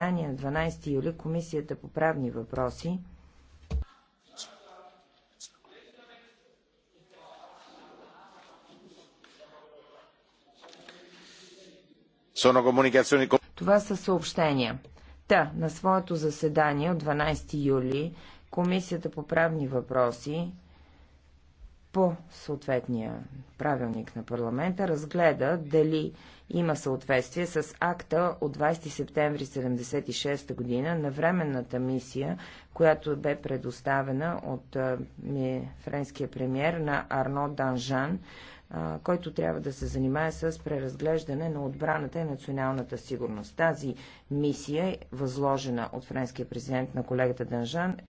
заседание на 12 юли Комисията по правни въпроси Това са съобщения. Та, на своето заседание от 12 юли Комисията по правни въпроси по съответния правилник на парламента разгледа дали има съответствие с акта от 20 септември 1976 година на временната мисия, която бе предоставена от френския премьер на Арно Данжан, който трябва да се занимае с преразглеждане на отбраната и националната сигурност. Тази мисия, възложена от френския президент на колегата Данжан,